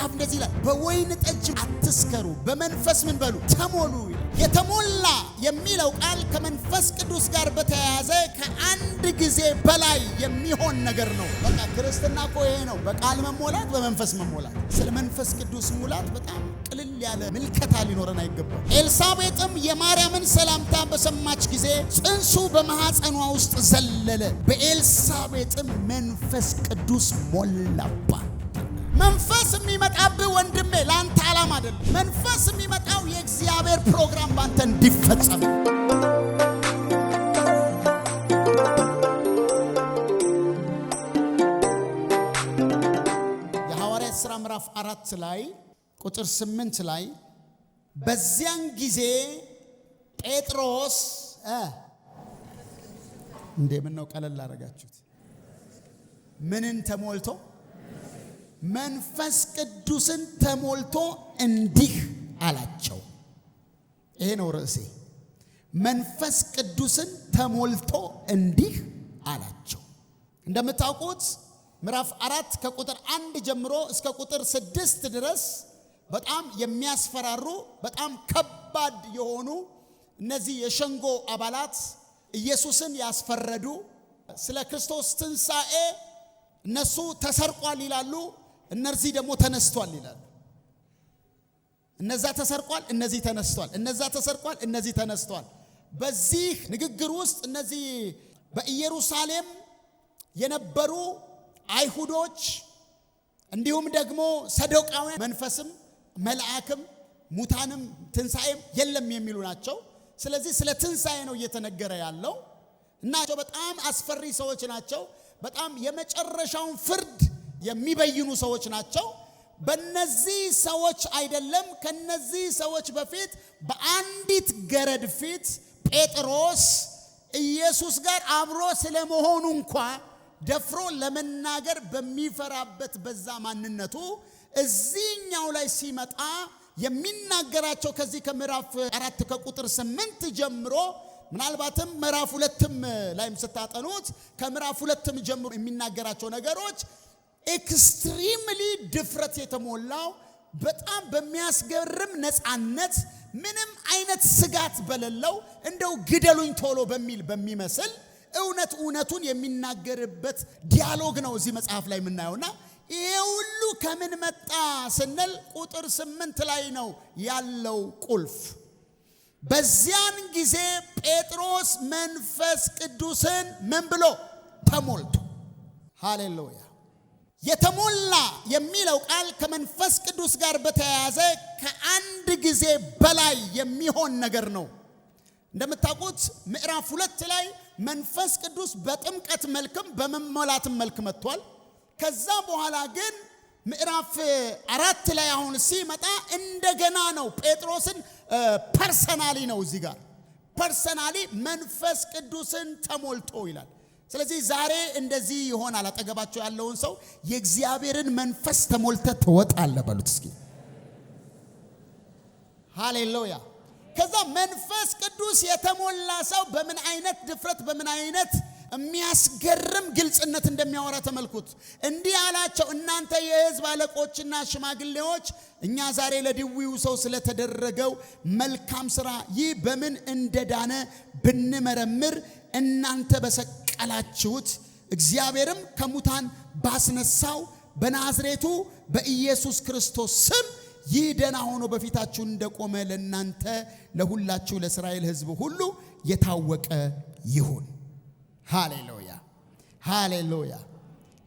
መጽሐፍ እንደዚህ ይላል፣ በወይን ጠጅ አትስከሩ፣ በመንፈስ ምን በሉ ተሞሉ። የተሞላ የሚለው ቃል ከመንፈስ ቅዱስ ጋር በተያያዘ ከአንድ ጊዜ በላይ የሚሆን ነገር ነው። በቃ ክርስትና እኮ ይሄ ነው፣ በቃል መሞላት፣ በመንፈስ መሞላት። ስለ መንፈስ ቅዱስ ሙላት በጣም ቅልል ያለ ምልከታ ሊኖረን አይገባም። ኤልሳቤጥም የማርያምን ሰላምታ በሰማች ጊዜ ጽንሱ በማኅፀኗ ውስጥ ዘለለ፣ በኤልሳቤጥም መንፈስ ቅዱስ ሞላባት። መንፈስ የሚመጣብህ ወንድሜ ለአንተ ዓላማ አይደለም። መንፈስ የሚመጣው የእግዚአብሔር ፕሮግራም ባንተ እንዲፈጸም የሐዋርያት ሥራ ምዕራፍ አራት ላይ ቁጥር ስምንት ላይ በዚያን ጊዜ ጴጥሮስ እንዴ ምን ነው ቀለል አደረጋችሁት? ምንን ተሞልቶ መንፈስ ቅዱስን ተሞልቶ እንዲህ አላቸው። ይሄ ነው ርዕሴ። መንፈስ ቅዱስን ተሞልቶ እንዲህ አላቸው። እንደምታውቁት ምዕራፍ አራት ከቁጥር አንድ ጀምሮ እስከ ቁጥር ስድስት ድረስ በጣም የሚያስፈራሩ በጣም ከባድ የሆኑ እነዚህ የሸንጎ አባላት ኢየሱስን ያስፈረዱ ስለ ክርስቶስ ትንሣኤ እነሱ ተሰርቋል ይላሉ እነዚህ ደግሞ ተነስቷል ይላሉ። እነዛ ተሰርቋል፣ እነዚህ ተነስቷል፣ እነዛ ተሰርቋል፣ እነዚህ ተነስቷል። በዚህ ንግግር ውስጥ እነዚህ በኢየሩሳሌም የነበሩ አይሁዶች እንዲሁም ደግሞ ሰዶቃውያን መንፈስም መልአክም ሙታንም ትንሣኤም የለም የሚሉ ናቸው። ስለዚህ ስለ ትንሣኤ ነው እየተነገረ ያለው እና በጣም አስፈሪ ሰዎች ናቸው። በጣም የመጨረሻውን ፍርድ የሚበይኑ ሰዎች ናቸው። በነዚህ ሰዎች አይደለም፣ ከነዚህ ሰዎች በፊት በአንዲት ገረድ ፊት ጴጥሮስ ኢየሱስ ጋር አብሮ ስለመሆኑ እንኳ ደፍሮ ለመናገር በሚፈራበት በዛ ማንነቱ እዚህኛው ላይ ሲመጣ የሚናገራቸው ከዚህ ከምዕራፍ አራት ከቁጥር ስምንት ጀምሮ ምናልባትም ምዕራፍ ሁለትም ላይም ስታጠኑት ከምዕራፍ ሁለትም ጀምሮ የሚናገራቸው ነገሮች ኤክስትሪምሊ ድፍረት የተሞላው በጣም በሚያስገርም ነፃነት ምንም አይነት ስጋት በሌለው እንደው ግደሉኝ ቶሎ በሚል በሚመስል እውነት እውነቱን የሚናገርበት ዲያሎግ ነው እዚህ መጽሐፍ ላይ የምናየውና ይሄ ሁሉ ከምን መጣ ስንል ቁጥር ስምንት ላይ ነው ያለው ቁልፍ። በዚያን ጊዜ ጴጥሮስ መንፈስ ቅዱስን ምን ብሎ ተሞልቶ፣ ሃሌሉያ የተሞላ የሚለው ቃል ከመንፈስ ቅዱስ ጋር በተያያዘ ከአንድ ጊዜ በላይ የሚሆን ነገር ነው። እንደምታውቁት ምዕራፍ ሁለት ላይ መንፈስ ቅዱስ በጥምቀት መልክም በመሞላትም መልክ መጥቷል። ከዛ በኋላ ግን ምዕራፍ አራት ላይ አሁን ሲመጣ እንደገና ነው ጴጥሮስን ፐርሰናሊ ነው እዚህ ጋር ፐርሰናሊ መንፈስ ቅዱስን ተሞልቶ ይላል። ስለዚህ ዛሬ እንደዚህ ይሆናል። አጠገባቸው ያለውን ሰው የእግዚአብሔርን መንፈስ ተሞልተ ትወጣለ በሉት እስኪ። ሃሌሉያ። ከዛ መንፈስ ቅዱስ የተሞላ ሰው በምን አይነት ድፍረት በምን አይነት የሚያስገርም ግልጽነት እንደሚያወራ ተመልኩት። እንዲህ አላቸው፣ እናንተ የሕዝብ አለቆችና ሽማግሌዎች፣ እኛ ዛሬ ለድዊው ሰው ስለተደረገው መልካም ስራ ይህ በምን እንደዳነ ብንመረምር እናንተ በሰ በሰቀላችሁት እግዚአብሔርም ከሙታን ባስነሳው በናዝሬቱ በኢየሱስ ክርስቶስ ስም ይህ ደና ሆኖ በፊታችሁ እንደቆመ ለእናንተ ለሁላችሁ ለእስራኤል ሕዝብ ሁሉ የታወቀ ይሁን። ሃሌሉያ ሃሌሉያ።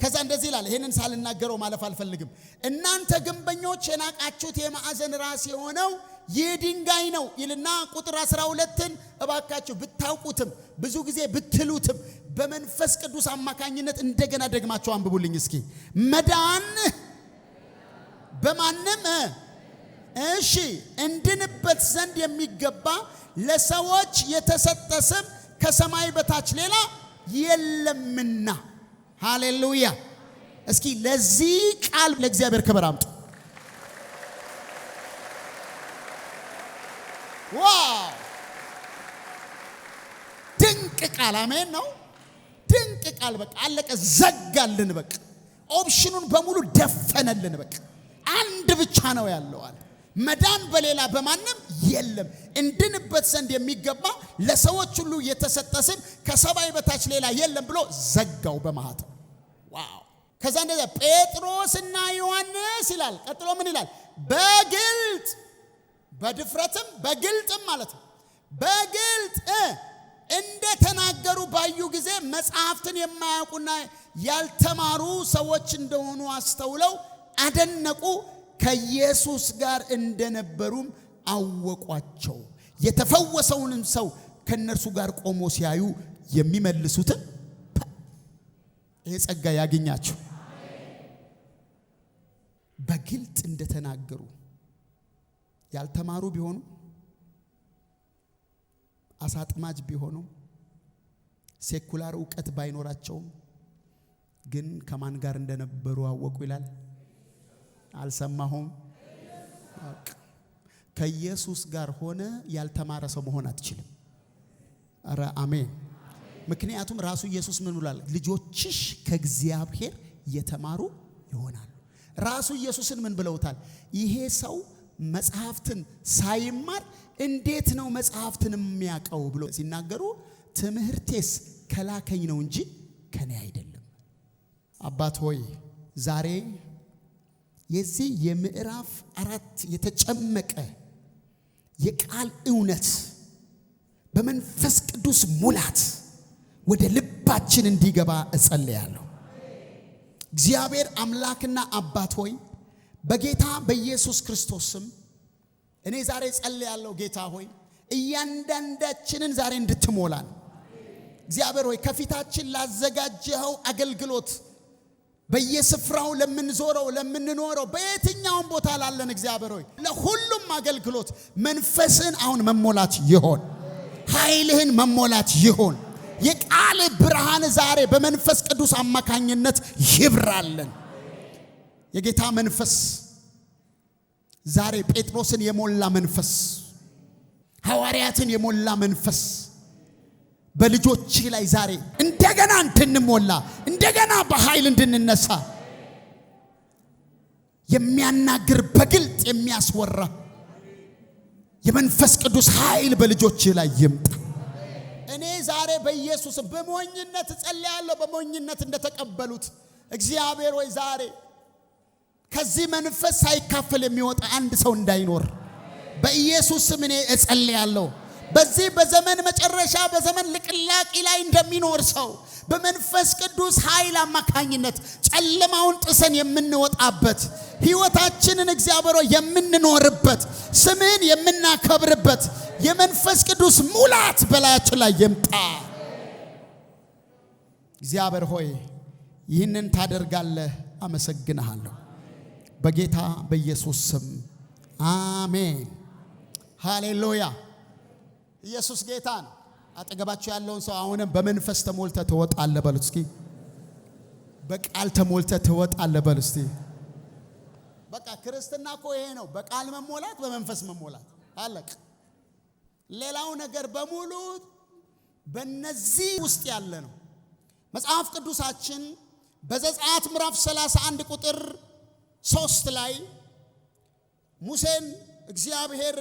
ከዛ እንደዚህ ይላል። ይህንን ሳልናገረው ማለፍ አልፈልግም። እናንተ ግንበኞች የናቃችሁት የማዕዘን ራስ የሆነው ይህ ድንጋይ ነው ይልና ቁጥር አስራ ሁለትን እባካችሁ ብታውቁትም ብዙ ጊዜ ብትሉትም በመንፈስ ቅዱስ አማካኝነት እንደገና ደግማቸው አንብቡልኝ እስኪ። መዳን በማንም እሺ እንድንበት ዘንድ የሚገባ ለሰዎች የተሰጠ ስም ከሰማይ በታች ሌላ የለምና። ሃሌሉያ! እስኪ ለዚህ ቃል ለእግዚአብሔር ክብር አምጡ። ዋው! ድንቅ ቃል አሜን ነው። ድንቅ ቃል በቃ አለቀ። ዘጋልን በቃ ኦፕሽኑን በሙሉ ደፈነልን በቃ አንድ ብቻ ነው ያለዋል መዳን በሌላ በማንም የለም። እንድንበት ዘንድ የሚገባ ለሰዎች ሁሉ የተሰጠ ስም ከሰማይ በታች ሌላ የለም ብሎ ዘጋው በማኅተም። ዋው! ከዛ እንደዚያ ጴጥሮስና ዮሐንስ ይላል። ቀጥሎ ምን ይላል? በግልጥ በድፍረትም በግልጥም ማለት ነው በግልጥ እንደ ተናገሩ ባዩ ጊዜ መጽሐፍትን የማያውቁና ያልተማሩ ሰዎች እንደሆኑ አስተውለው አደነቁ። ከኢየሱስ ጋር እንደነበሩም አወቋቸው። የተፈወሰውንም ሰው ከእነርሱ ጋር ቆሞ ሲያዩ የሚመልሱትን ይህ ጸጋ ያገኛችሁ በግልጥ እንደተናገሩ ያልተማሩ ቢሆኑ አሳጥማጅ ቢሆኑም ሴኩላር እውቀት ባይኖራቸውም ግን ከማን ጋር እንደነበሩ አወቁ ይላል። አልሰማሁም። ከኢየሱስ ጋር ሆነ ያልተማረ ሰው መሆን አትችልም። ኧረ አሜን። ምክንያቱም ራሱ ኢየሱስ ምን ብሏል? ልጆችሽ ከእግዚአብሔር የተማሩ ይሆናሉ። ራሱ ኢየሱስን ምን ብለውታል? ይሄ ሰው መጽሐፍትን ሳይማር እንዴት ነው መጽሐፍትን የሚያውቀው ብሎ ሲናገሩ ትምህርቴስ ከላከኝ ነው እንጂ ከኔ አይደለም። አባት ሆይ ዛሬ የዚህ የምዕራፍ አራት የተጨመቀ የቃል እውነት በመንፈስ ቅዱስ ሙላት ወደ ልባችን እንዲገባ እጸልያለሁ። እግዚአብሔር አምላክና አባት ሆይ በጌታ በኢየሱስ ክርስቶስ ስም እኔ ዛሬ ጸልያለሁ። ጌታ ሆይ እያንዳንዳችንን ዛሬ እንድትሞላን እግዚአብሔር ሆይ ከፊታችን ላዘጋጀኸው አገልግሎት በየስፍራው ለምንዞረው ለምንኖረው በየትኛውም ቦታ ላለን እግዚአብሔር ሆይ ለሁሉም አገልግሎት መንፈስን አሁን መሞላት ይሆን፣ ኃይልህን መሞላት ይሆን። የቃል ብርሃን ዛሬ በመንፈስ ቅዱስ አማካኝነት ይብራለን። የጌታ መንፈስ ዛሬ ጴጥሮስን የሞላ መንፈስ፣ ሐዋርያትን የሞላ መንፈስ በልጆች ላይ ዛሬ እንደገና እንድንሞላ እንደገና በኃይል እንድንነሳ የሚያናግር በግልጥ የሚያስወራ የመንፈስ ቅዱስ ኃይል በልጆች ላይ ይምጣ። እኔ ዛሬ በኢየሱስ በሞኝነት እጸልያለሁ። በሞኝነት እንደተቀበሉት እግዚአብሔር ወይ ዛሬ ከዚህ መንፈስ ሳይካፈል የሚወጣ አንድ ሰው እንዳይኖር በኢየሱስ ስም እኔ እጸልያለሁ። በዚህ በዘመን መጨረሻ በዘመን ልቅላቂ ላይ እንደሚኖር ሰው በመንፈስ ቅዱስ ኃይል አማካኝነት ጨለማውን ጥሰን የምንወጣበት ሕይወታችንን እግዚአብሔር የምንኖርበት ስምን የምናከብርበት የመንፈስ ቅዱስ ሙላት በላያችን ላይ ይምጣ። እግዚአብሔር ሆይ ይህንን ታደርጋለህ፣ አመሰግንሃለሁ። በጌታ በኢየሱስ ስም አሜን። ሃሌሉያ። ኢየሱስ ጌታ ነው። አጠገባቸው ያለውን ሰው አሁንም በመንፈስ ተሞልተ ትወጣለህ በሉ እስኪ። በቃል ተሞልተ ትወጣለህ በሉ እስቲ። በቃ ክርስትና እኮ ይሄ ነው። በቃል መሞላት፣ በመንፈስ መሞላት አለቅ። ሌላው ነገር በሙሉ በነዚህ ውስጥ ያለ ነው። መጽሐፍ ቅዱሳችን በዘጸአት ምዕራፍ 31 ቁጥር ሶስት ላይ ሙሴን እግዚአብሔር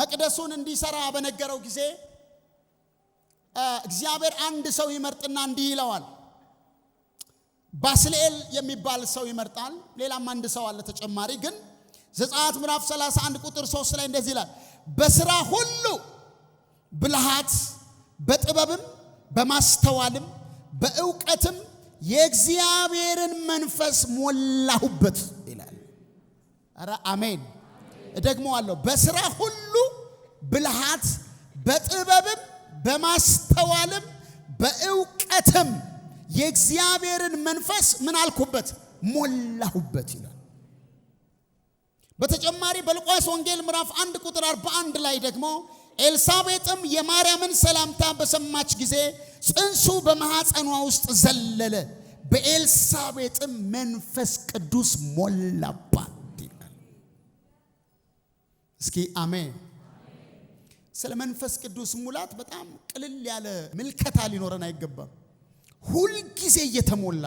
መቅደሱን እንዲሰራ በነገረው ጊዜ እግዚአብሔር አንድ ሰው ይመርጥና እንዲህ ይለዋል። ባስልኤል የሚባል ሰው ይመርጣል። ሌላም አንድ ሰው አለ ተጨማሪ። ግን ዘጸአት ምዕራፍ 31 ቁጥር 3 ላይ እንደዚህ ይላል፣ በስራ ሁሉ ብልሃት፣ በጥበብም፣ በማስተዋልም፣ በእውቀትም የእግዚአብሔርን መንፈስ ሞላሁበት ይላል። ኧረ አሜን። እደግመዋለሁ። በሥራ ሁሉ ብልሃት፣ በጥበብም በማስተዋልም በእውቀትም የእግዚአብሔርን መንፈስ ምን አልኩበት? ሞላሁበት ይላል። በተጨማሪ በሉቃስ ወንጌል ምዕራፍ አንድ ቁጥር 41 ላይ ደግሞ ኤልሳቤጥም የማርያምን ሰላምታ በሰማች ጊዜ ጽንሱ በማኅፀኗ ውስጥ ዘለለ፣ በኤልሳቤጥም መንፈስ ቅዱስ ሞላባት ይላል። እስኪ አሜን። ስለ መንፈስ ቅዱስ ሙላት በጣም ቅልል ያለ ምልከታ ሊኖረን አይገባም። ሁልጊዜ እየተሞላ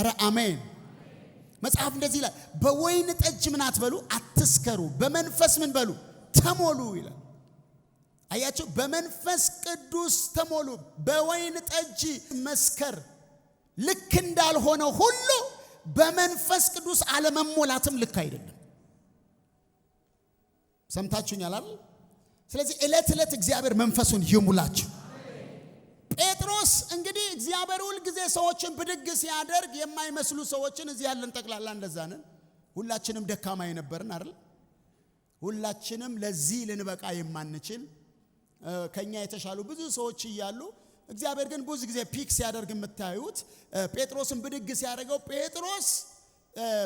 ኧረ አሜን። መጽሐፍ እንደዚህ ይላል፣ በወይን ጠጅ ምን አትበሉ፣ አትስከሩ፣ በመንፈስ ምን በሉ ተሞሉ ይላል። አያቸው። በመንፈስ ቅዱስ ተሞሉ። በወይን ጠጅ መስከር ልክ እንዳልሆነ ሁሉ በመንፈስ ቅዱስ አለመሞላትም ልክ አይደለም። ሰምታችሁኛል አይደል? ስለዚህ ዕለት ዕለት እግዚአብሔር መንፈሱን ይሙላችሁ። ጴጥሮስ እንግዲህ እግዚአብሔር ሁል ጊዜ ሰዎችን ብድግ ሲያደርግ የማይመስሉ ሰዎችን እዚህ ያለን ጠቅላላ እንደዛ ነን። ሁላችንም ደካማ የነበርን አይደል? ሁላችንም ለዚህ ልንበቃ የማንችል ከኛ የተሻሉ ብዙ ሰዎች እያሉ እግዚአብሔር ግን ብዙ ጊዜ ፒክ ሲያደርግ የምታዩት ጴጥሮስን ብድግ ሲያደርገው ጴጥሮስ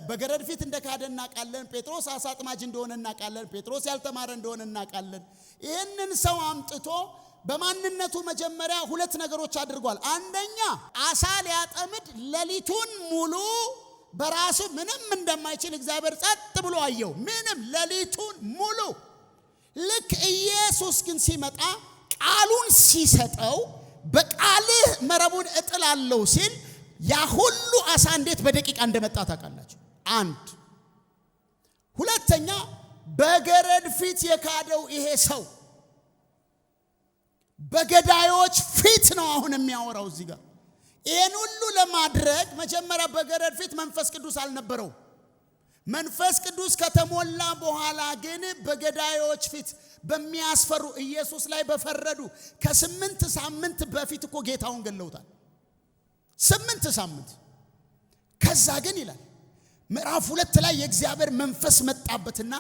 በገረድ ፊት እንደካደ እናውቃለን። ጴጥሮስ አሳ አጥማጅ እንደሆነ እናውቃለን። ጴጥሮስ ያልተማረ እንደሆነ እናውቃለን። ይህንን ሰው አምጥቶ በማንነቱ መጀመሪያ ሁለት ነገሮች አድርጓል። አንደኛ አሳ ሊያጠምድ ሌሊቱን ሙሉ በራሱ ምንም እንደማይችል እግዚአብሔር ጸጥ ብሎ አየው። ምንም ሌሊቱን ሙሉ ልክ ኢየሱስ ግን ሲመጣ ቃሉን ሲሰጠው በቃልህ መረቡን እጥላለሁ ሲል ያ ሁሉ አሳ እንዴት በደቂቃ እንደመጣ ታውቃላችሁ? አንድ ሁለተኛ፣ በገረድ ፊት የካደው ይሄ ሰው በገዳዮች ፊት ነው አሁን የሚያወራው እዚህ ጋር። ይህን ሁሉ ለማድረግ መጀመሪያ በገረድ ፊት መንፈስ ቅዱስ አልነበረውም። መንፈስ ቅዱስ ከተሞላ በኋላ ግን በገዳዮች ፊት በሚያስፈሩ ኢየሱስ ላይ በፈረዱ ከስምንት ሳምንት በፊት እኮ ጌታውን ገለውታል። ስምንት ሳምንት ከዛ ግን ይላል ምዕራፍ ሁለት ላይ የእግዚአብሔር መንፈስ መጣበትና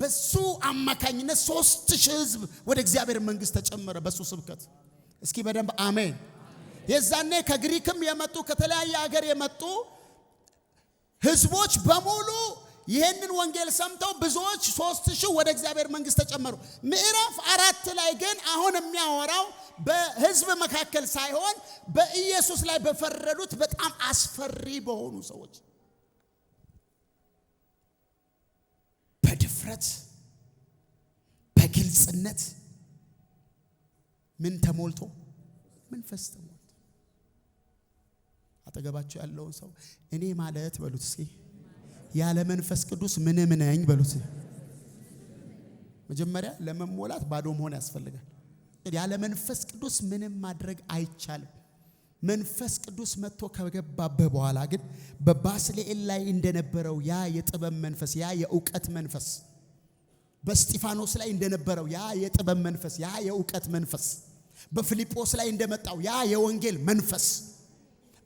በሱ አማካኝነት ሶስት ሺህ ወደ እግዚአብሔር መንግስት ተጨመረ በሱ ስብከት። እስኪ በደንብ አሜን። የዛኔ ከግሪክም የመጡ ከተለያየ ሀገር የመጡ ህዝቦች በሙሉ ይህንን ወንጌል ሰምተው ብዙዎች ሶስት ሺህ ወደ እግዚአብሔር መንግስት ተጨመሩ። ምዕራፍ አራት ላይ ግን አሁን የሚያወራው በህዝብ መካከል ሳይሆን በኢየሱስ ላይ በፈረዱት በጣም አስፈሪ በሆኑ ሰዎች በድፍረት በግልጽነት ምን ተሞልቶ መንፈስ ተሞልቶ አጠገባቸው ያለውን ሰው እኔ ማለት በሉት እስኪ ያለ መንፈስ ቅዱስ ምንም ነኝ በሉት። መጀመሪያ ለመሞላት ባዶ መሆን ያስፈልጋል። ያለ መንፈስ ቅዱስ ምንም ማድረግ አይቻልም። መንፈስ ቅዱስ መጥቶ ከገባበ በኋላ ግን በባስልኤል ላይ እንደነበረው ያ የጥበብ መንፈስ፣ ያ የእውቀት መንፈስ በስጢፋኖስ ላይ እንደነበረው ያ የጥበብ መንፈስ፣ ያ የእውቀት መንፈስ በፊልጶስ ላይ እንደመጣው ያ የወንጌል መንፈስ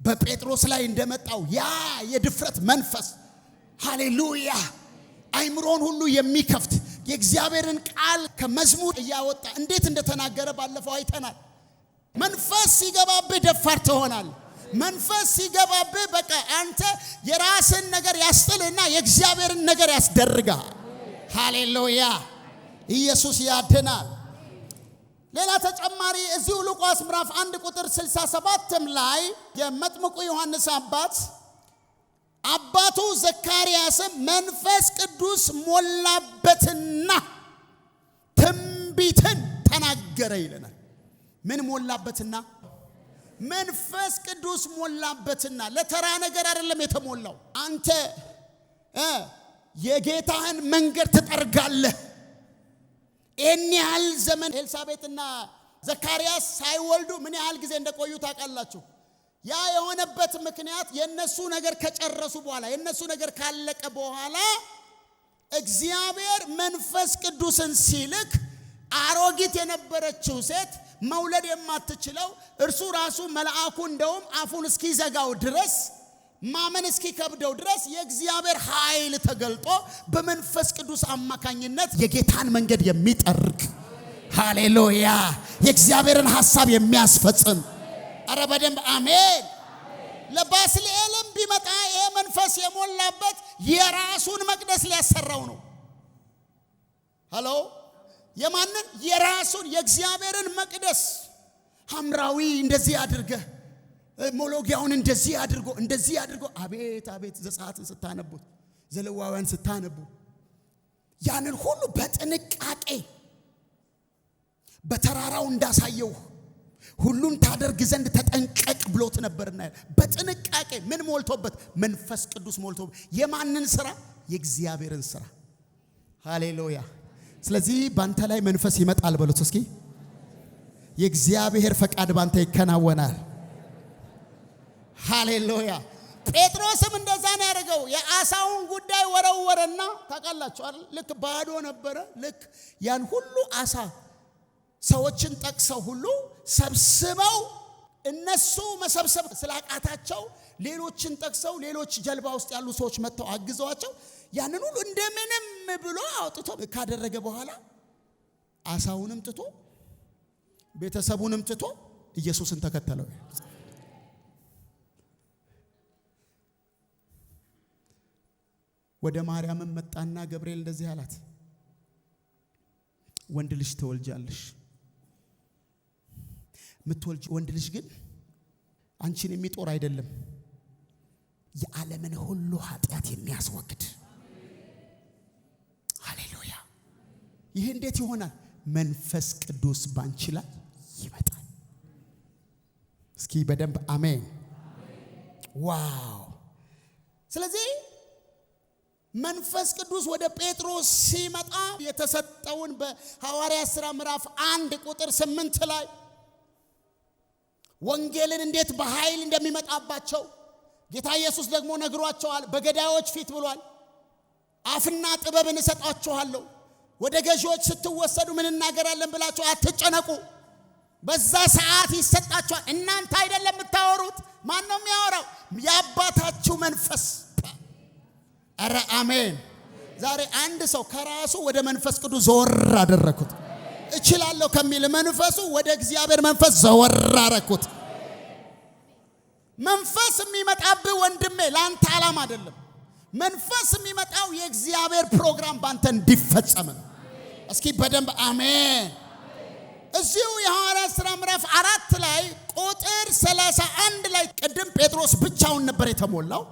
በጴጥሮስ ላይ እንደመጣው ያ የድፍረት መንፈስ ሃሌሉያ። አይምሮን ሁሉ የሚከፍት የእግዚአብሔርን ቃል ከመዝሙር እያወጣ እንዴት እንደተናገረ ባለፈው አይተናል። መንፈስ ሲገባብህ ደፋር ትሆናል መንፈስ ሲገባብህ በቃ አንተ የራስን ነገር ያስጥልና የእግዚአብሔርን ነገር ያስደርጋል። ሃሌሉያ። ኢየሱስ ያድናል። ሌላ ተጨማሪ እዚሁ ሉቃስ ምዕራፍ አንድ ቁጥር 67ም ላይ የመጥምቁ ዮሐንስ አባት አባቱ ዘካርያስም መንፈስ ቅዱስ ሞላበትና ትንቢትን ተናገረ ይለናል። ምን ሞላበትና? መንፈስ ቅዱስ ሞላበትና። ለተራ ነገር አይደለም የተሞላው። አንተ የጌታህን መንገድ ትጠርጋለህ። ይህን ያህል ዘመን ኤልሳቤጥና ዘካርያስ ሳይወልዱ ምን ያህል ጊዜ እንደቆዩ ታውቃላችሁ? ያ የሆነበት ምክንያት የነሱ ነገር ከጨረሱ በኋላ የነሱ ነገር ካለቀ በኋላ እግዚአብሔር መንፈስ ቅዱስን ሲልክ አሮጊት የነበረችው ሴት መውለድ የማትችለው እርሱ ራሱ መልአኩ እንደውም አፉን እስኪዘጋው ድረስ ማመን እስኪከብደው ድረስ የእግዚአብሔር ኃይል ተገልጦ በመንፈስ ቅዱስ አማካኝነት የጌታን መንገድ የሚጠርግ ሃሌሉያ፣ የእግዚአብሔርን ሐሳብ የሚያስፈጽም አረ በደንብ አሜን። ለባስልኤልም ቢመጣ ይሄ መንፈስ የሞላበት የራሱን መቅደስ ሊያሰራው ነው። ሀሎ የማንን የራሱን የእግዚአብሔርን መቅደስ ሐምራዊ እንደዚህ አድርገ ሞሎጊያውን እንደዚህ አድርጎ እንደዚህ አድርጎ አቤት አቤት ዘጸአትን ስታነቡት ዘለዋውያን ስታነቡ ያንን ሁሉ በጥንቃቄ በተራራው እንዳሳየው ሁሉን ታደርግ ዘንድ ተጠንቀቅ ብሎት ነበርና በጥንቃቄ ምን ሞልቶበት? መንፈስ ቅዱስ ሞልቶበት። የማንን ስራ? የእግዚአብሔርን ስራ። ሃሌሉያ። ስለዚህ ባንተ ላይ መንፈስ ይመጣል በሎት እስኪ። የእግዚአብሔር ፈቃድ ባንተ ይከናወናል። ሃሌሉያ። ጴጥሮስም እንደዛ ነው ያደርገው የአሳውን ጉዳይ ወረወረና ታውቃላችኋል። ልክ ባዶ ነበረ። ልክ ያን ሁሉ አሳ ሰዎችን ጠቅሰው ሁሉ ሰብስበው እነሱ መሰብሰብ ስላቃታቸው ሌሎችን ጠቅሰው ሌሎች ጀልባ ውስጥ ያሉ ሰዎች መጥተው አግዘዋቸው ያንን ሁሉ እንደምንም ብሎ አውጥቶ ካደረገ በኋላ አሳውንም ትቶ ቤተሰቡንም ትቶ ኢየሱስን ተከተለው። ወደ ማርያምም መጣና ገብርኤል እንደዚህ አላት፣ ወንድ ልጅ ትወልጃለሽ የምትወልጅ ወንድ ልጅ ግን አንቺን የሚጦር አይደለም፣ የዓለምን ሁሉ ኃጢአት የሚያስወግድ ሃሌሉያ። ይህ እንዴት ይሆናል? መንፈስ ቅዱስ ባንቺ ላይ ይመጣል። እስኪ በደንብ አሜን። ዋው! ስለዚህ መንፈስ ቅዱስ ወደ ጴጥሮስ ሲመጣ የተሰጠውን በሐዋርያ ሥራ ምዕራፍ አንድ ቁጥር ስምንት ላይ ወንጌልን እንዴት በኃይል እንደሚመጣባቸው ጌታ ኢየሱስ ደግሞ ነግሯቸዋል። በገዳዮች ፊት ብሏል፣ አፍና ጥበብን እሰጣችኋለሁ። ወደ ገዢዎች ስትወሰዱ ምን እናገራለን ብላችሁ አትጨነቁ፣ በዛ ሰዓት ይሰጣችኋል። እናንተ አይደለም የምታወሩት፣ ማን ነው የሚያወራው? የአባታችሁ መንፈስ። ኧረ አሜን። ዛሬ አንድ ሰው ከራሱ ወደ መንፈስ ቅዱስ ዞር አደረኩት። እችላለሁ ከሚል መንፈሱ ወደ እግዚአብሔር መንፈስ ዘወር አረኩት። መንፈስ የሚመጣብህ ወንድሜ ለአንተ ዓላማ አይደለም። መንፈስ የሚመጣው የእግዚአብሔር ፕሮግራም ባንተ እንዲፈጸም ነው። እስኪ በደንብ አሜን። እዚሁ የሐዋርያ ሥራ ምዕራፍ አራት ላይ ቁጥር ሰላሳ አንድ ላይ ቅድም ጴጥሮስ ብቻውን ነበር የተሞላው።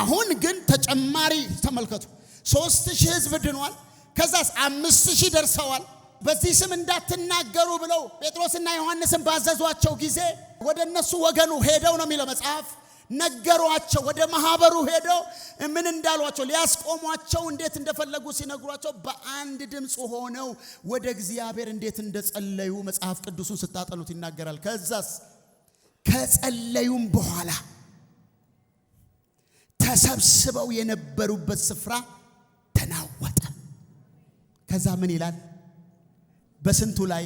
አሁን ግን ተጨማሪ ተመልከቱ። ሦስት ሺህ ሕዝብ ድኗል። ከዛስ አምስት ሺህ ደርሰዋል። በዚህ ስም እንዳትናገሩ ብለው ጴጥሮስና ዮሐንስን ባዘዟቸው ጊዜ ወደ እነሱ ወገኑ ሄደው ነው የሚለው መጽሐፍ ነገሯቸው። ወደ ማህበሩ ሄደው ምን እንዳሏቸው ሊያስቆሟቸው እንዴት እንደፈለጉ ሲነግሯቸው በአንድ ድምፅ ሆነው ወደ እግዚአብሔር እንዴት እንደጸለዩ መጽሐፍ ቅዱሱን ስታጠኑት ይናገራል። ከዛስ ከጸለዩም በኋላ ተሰብስበው የነበሩበት ስፍራ ተናወጠ። ከዛ ምን ይላል? በስንቱ ላይ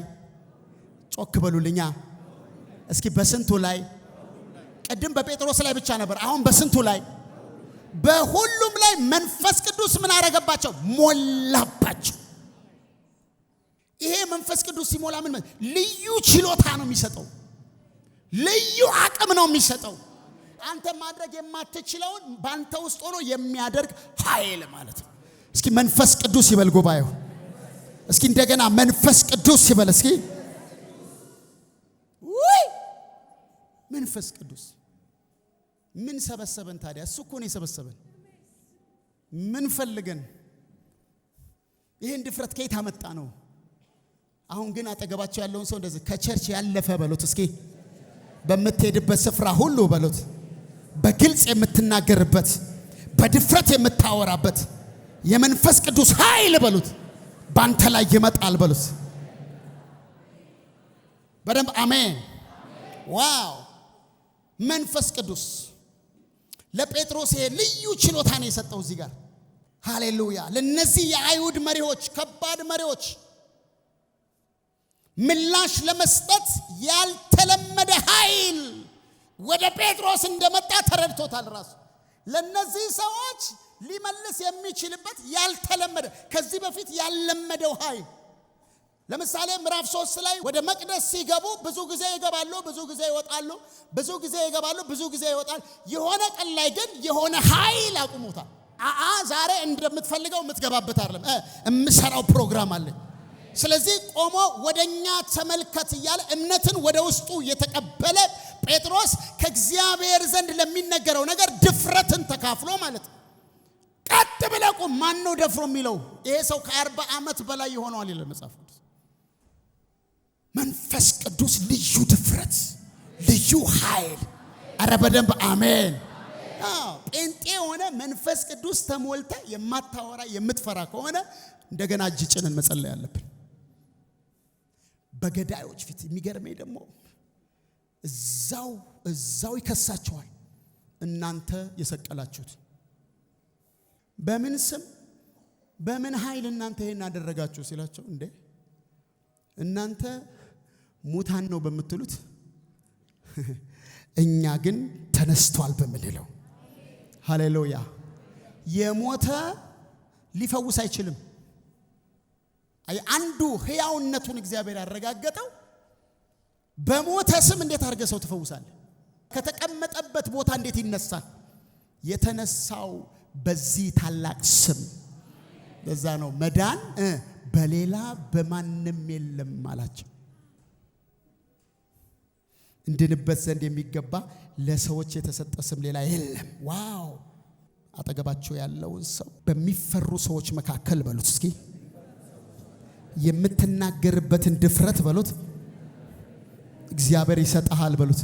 ጮክ በሉልኛ እስኪ በስንቱ ላይ ቅድም በጴጥሮስ ላይ ብቻ ነበር አሁን በስንቱ ላይ በሁሉም ላይ መንፈስ ቅዱስ ምን አረገባቸው ሞላባቸው ይሄ መንፈስ ቅዱስ ሲሞላ ምን ልዩ ችሎታ ነው የሚሰጠው ልዩ አቅም ነው የሚሰጠው አንተ ማድረግ የማትችለውን በአንተ ውስጥ ሆኖ የሚያደርግ ኃይል ማለት ነው እስኪ መንፈስ ቅዱስ ይበል ጉባኤው እስኪ እንደገና መንፈስ ቅዱስ ይበል። እስኪ ውይ መንፈስ ቅዱስ ምን ሰበሰበን ታዲያ? እሱ እኮ ነው የሰበሰበን። ምን ፈልገን ይህን ድፍረት ከየት አመጣ ነው? አሁን ግን አጠገባቸው ያለውን ሰው እንደዚህ ከቸርች ያለፈ በሎት እስኪ በምትሄድበት ስፍራ ሁሉ በሎት በግልጽ የምትናገርበት በድፍረት የምታወራበት የመንፈስ ቅዱስ ኃይል በሉት። ባንተ ላይ ይመጣል። በሉስ በደንብ አሜን። ዋው መንፈስ ቅዱስ ለጴጥሮስ ይሄ ልዩ ችሎታ ነው የሰጠው እዚህ ጋር ሃሌሉያ። ለነዚህ የአይሁድ መሪዎች፣ ከባድ መሪዎች ምላሽ ለመስጠት ያልተለመደ ኃይል ወደ ጴጥሮስ እንደመጣ ተረድቶታል ራሱ ለነዚህ ሰዎች ሊመልስ የሚችልበት ያልተለመደ ከዚህ በፊት ያልለመደው ኃይል ለምሳሌ ምዕራፍ ሶስት ላይ ወደ መቅደስ ሲገቡ ብዙ ጊዜ ይገባሉ፣ ብዙ ጊዜ ይወጣሉ፣ ብዙ ጊዜ ይገባሉ፣ ብዙ ጊዜ ይወጣሉ። የሆነ ቀን ላይ ግን የሆነ ኃይል አቁሞታል። አአ ዛሬ እንደምትፈልገው የምትገባበት አለም የምሰራው ፕሮግራም አለ። ስለዚህ ቆሞ ወደኛ ተመልከት እያለ እምነትን ወደ ውስጡ የተቀበለ ጴጥሮስ ከእግዚአብሔር ዘንድ ለሚነገረው ነገር ድፍረትን ተካፍሎ ማለት ነው። አትበላ ቁም። ማን ነው ደፍሮ የሚለው? ይሄ ሰው ከአርባ ዓመት በላይ የሆነዋል ይላል መጽሐፍ ቅዱስ። መንፈስ ቅዱስ ልዩ ድፍረት፣ ልዩ ኃይል። አረ በደንብ አሜን። ጴንጤ የሆነ መንፈስ ቅዱስ ተሞልተ የማታወራ የምትፈራ ከሆነ እንደገና እጅ ጭንን መጸለይ አለብን በገዳዮች ፊት። የሚገርመኝ ደግሞ እዛው እዛው ይከሳቸዋል እናንተ የሰቀላችሁት በምን ስም በምን ኃይል እናንተ ይሄን አደረጋችሁ ሲላቸው፣ እንዴ እናንተ ሙታን ነው በምትሉት እኛ ግን ተነስቷል በምንለው። ሃሌሉያ! የሞተ ሊፈውስ አይችልም። አንዱ ህያውነቱን እግዚአብሔር ያረጋገጠው በሞተ ስም እንዴት አድርገ ሰው ትፈውሳል? ከተቀመጠበት ቦታ እንዴት ይነሳል? የተነሳው በዚህ ታላቅ ስም በዛ ነው መዳን በሌላ በማንም የለም አላቸው። እንድንበት ዘንድ የሚገባ ለሰዎች የተሰጠ ስም ሌላ የለም። ዋው! አጠገባቸው ያለውን ሰው በሚፈሩ ሰዎች መካከል በሉት እስኪ የምትናገርበትን ድፍረት በሉት እግዚአብሔር ይሰጠሃል በሉት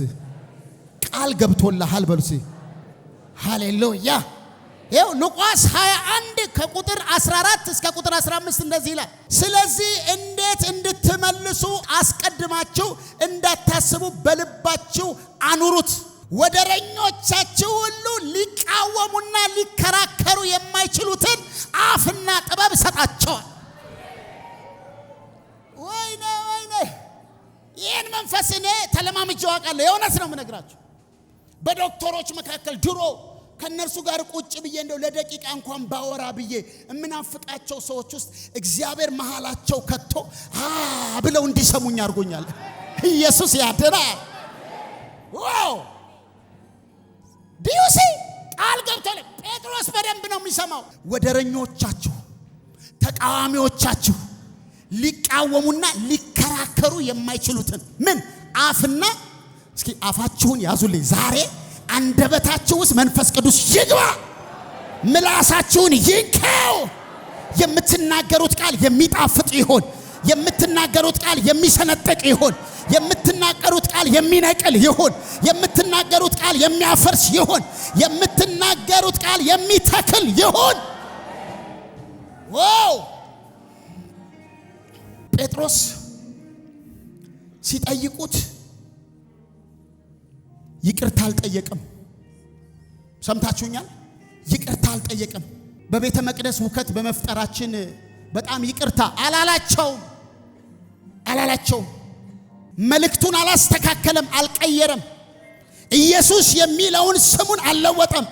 ቃል ገብቶልሃል በሉት ሃሌሉያ ይኸው ሉቃስ 21 ከቁጥር 14 እስከ ቁጥር 15 እንደዚህ ይላል። ስለዚህ እንዴት እንድትመልሱ አስቀድማችሁ እንዳታስቡ በልባችሁ አኑሩት። ወደረኞቻችሁ ሁሉ ሊቃወሙና ሊከራከሩ የማይችሉትን አፍና ጥበብ ሰጣቸዋል ወይኔ ወይኔ! ይህን መንፈስ እኔ ተለማምጄ አውቃለሁ። የእውነት ነው የምነግራችሁ። በዶክተሮች መካከል ድሮ ከእነርሱ ጋር ቁጭ ብዬ እንደው ለደቂቃ እንኳን ባወራ ብዬ የምናፍቃቸው ሰዎች ውስጥ እግዚአብሔር መሃላቸው ከቶ ብለው እንዲሰሙኝ አድርጎኛል። ኢየሱስ ያድናል። ዲዩሲ ቃል ገብተል ጴጥሮስ በደንብ ነው የሚሰማው። ወደረኞቻችሁ፣ ተቃዋሚዎቻችሁ ሊቃወሙና ሊከራከሩ የማይችሉትን ምን አፍና እስኪ አፋችሁን ያዙልኝ ዛሬ አንደበታችሁ ውስጥ መንፈስ ቅዱስ ይግባ፣ ምላሳችሁን ይንከው። የምትናገሩት ቃል የሚጣፍጥ ይሆን? የምትናገሩት ቃል የሚሰነጠቅ ይሆን? የምትናገሩት ቃል የሚነቅል ይሆን? የምትናገሩት ቃል የሚያፈርስ ይሆን? የምትናገሩት ቃል የሚተክል ይሆን? ዋው! ጴጥሮስ ሲጠይቁት ይቅርታ አልጠየቅም። ሰምታችሁኛል? ይቅርታ አልጠየቅም። በቤተ መቅደስ ውከት በመፍጠራችን በጣም ይቅርታ አላላቸውም አላላቸውም። መልእክቱን አላስተካከለም፣ አልቀየረም። ኢየሱስ የሚለውን ስሙን አልለወጠም።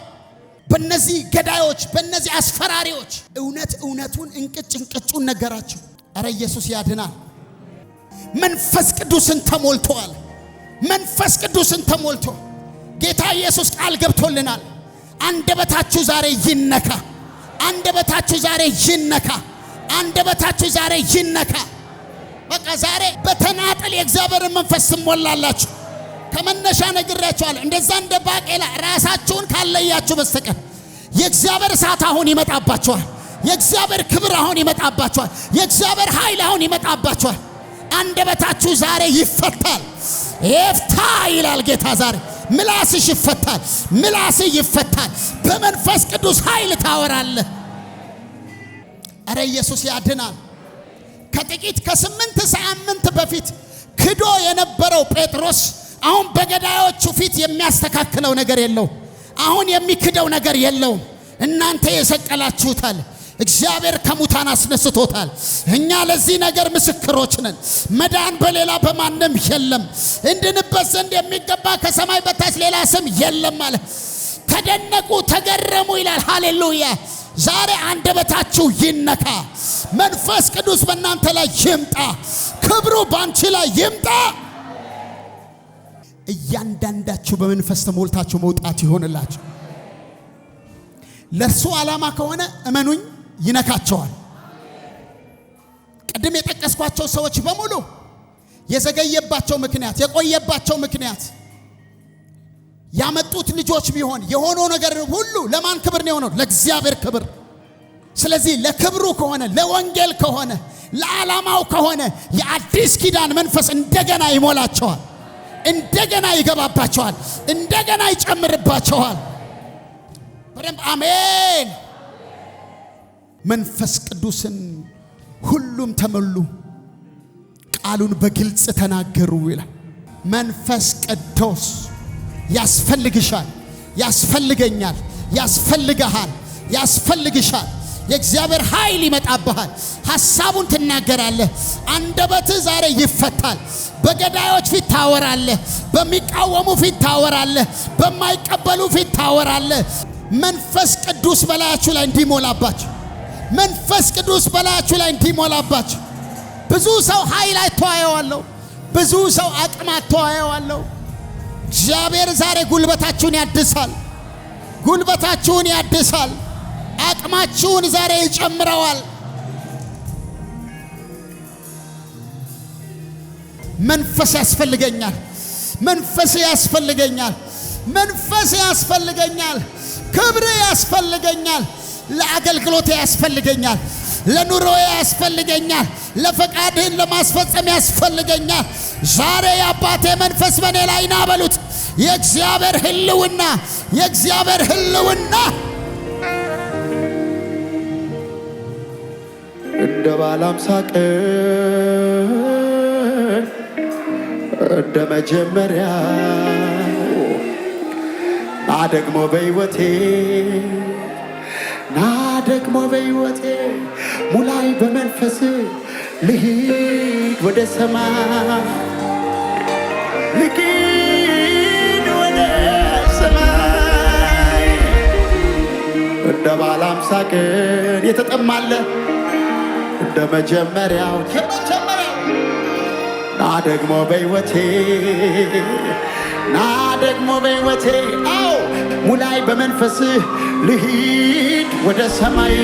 በነዚህ ገዳዮች፣ በነዚህ አስፈራሪዎች እውነት እውነቱን እንቅጭ እንቅጩን ነገራቸው። አረ ኢየሱስ ያድናል። መንፈስ ቅዱስን ተሞልተዋል። መንፈስ ቅዱስን ተሞልቶ ጌታ ኢየሱስ ቃል ገብቶልናል። አንደበታችሁ ዛሬ ይነካ። አንደበታችሁ ዛሬ ይነካ። አንደበታችሁ ዛሬ ይነካ። በቃ ዛሬ በተናጠል የእግዚአብሔርን መንፈስ ትሞላላችሁ። ከመነሻ ነግሬያችኋለሁ። እንደዛ እንደ ባቄላ ራሳችሁን ካለያችሁ በስተቀር የእግዚአብሔር እሳት አሁን ይመጣባችኋል። የእግዚአብሔር ክብር አሁን ይመጣባችኋል። የእግዚአብሔር ኃይል አሁን ይመጣባችኋል። አንደበታችሁ ዛሬ ይፈታል። ይፍታ ይላል ጌታ። ዛሬ ምላስሽ ይፈታል። ምላስ ይፈታል። በመንፈስ ቅዱስ ኃይል ታወራለህ። እረ ኢየሱስ ያድናል። ከጥቂት ከስምንት ሳምንት በፊት ክዶ የነበረው ጴጥሮስ አሁን በገዳዮቹ ፊት የሚያስተካክለው ነገር የለውም። አሁን የሚክደው ነገር የለውም። እናንተ የሰቀላችሁታል እግዚአብሔር ከሙታን አስነስቶታል። እኛ ለዚህ ነገር ምስክሮች ነን። መዳን በሌላ በማንም የለም። እንድንበት ዘንድ የሚገባ ከሰማይ በታች ሌላ ስም የለም አለ። ተደነቁ፣ ተገረሙ ይላል። ሃሌሉያ! ዛሬ አንደበታችሁ ይነካ። መንፈስ ቅዱስ በእናንተ ላይ ይምጣ። ክብሩ ባንቺ ላይ ይምጣ። እያንዳንዳችሁ በመንፈስ ተሞልታችሁ መውጣት ይሆንላችሁ። ለእርሱ ዓላማ ከሆነ እመኑኝ ይነካቸዋል። ቅድም የጠቀስኳቸው ሰዎች በሙሉ የዘገየባቸው ምክንያት የቆየባቸው ምክንያት ያመጡት ልጆች ቢሆን የሆነው ነገር ሁሉ ለማን ክብር ነው የሆነው? ለእግዚአብሔር ክብር። ስለዚህ ለክብሩ ከሆነ ለወንጌል ከሆነ ለዓላማው ከሆነ የአዲስ ኪዳን መንፈስ እንደገና ይሞላቸዋል፣ እንደገና ይገባባቸዋል፣ እንደገና ይጨምርባቸዋል። በደንብ አሜን። መንፈስ ቅዱስን ሁሉም ተመሉ፣ ቃሉን በግልጽ ተናገሩ ይላል። መንፈስ ቅዱስ ያስፈልግሻል፣ ያስፈልገኛል፣ ያስፈልግሃል፣ ያስፈልግሻል። የእግዚአብሔር ኃይል ይመጣብሃል። ሐሳቡን ትናገራለህ። አንደበትህ ዛሬ ይፈታል። በገዳዮች ፊት ታወራለህ። በሚቃወሙ ፊት ታወራለህ። በማይቀበሉ ፊት ታወራለህ። መንፈስ ቅዱስ በላያችሁ ላይ እንዲሞላባችሁ መንፈስ ቅዱስ በላያችሁ ላይ እንዲሞላባችሁ። ብዙ ሰው ኃይል አተዋየዋለሁ፣ ብዙ ሰው አቅም አተዋየዋለሁ። እግዚአብሔር ዛሬ ጉልበታችሁን ያድሳል፣ ጉልበታችሁን ያድሳል፣ አቅማችሁን ዛሬ ይጨምረዋል። መንፈስ ያስፈልገኛል፣ መንፈስ ያስፈልገኛል፣ መንፈስ ያስፈልገኛል፣ ክብር ያስፈልገኛል ለአገልግሎት ያስፈልገኛል፣ ለኑሮ ያስፈልገኛል፣ ለፈቃድህን ለማስፈጸም ያስፈልገኛል። ዛሬ የአባቴ መንፈስ በኔ ላይ ና በሉት። የእግዚአብሔር ህልውና የእግዚአብሔር ህልውና እንደ ባለ ሃምሳ እንደ መጀመሪያ ደግሞ በሕይወቴ ና ደግሞ በሕይወቴ ሙላይ በመንፈስ ልሂድ ወደ ሰማ ልሂድ ወደ ሰማይ እንደ ባለ አምሳ የተጠማለ እንደ መጀመሪያው ና ደግሞ በሕይወቴ ና ደግሞ በሕይወቴ አዎ ሙላይ በመንፈስህ ልሂድ ወደ ሰማይ